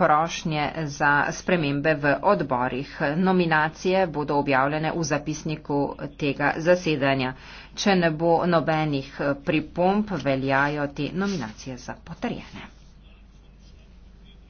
prošnje za spremembe v odborih. Nominacije bodo objavljene v zapisniku tega zasedanja. Če ne bo nobenih pripomp, veljajo te nominacije za potrjene.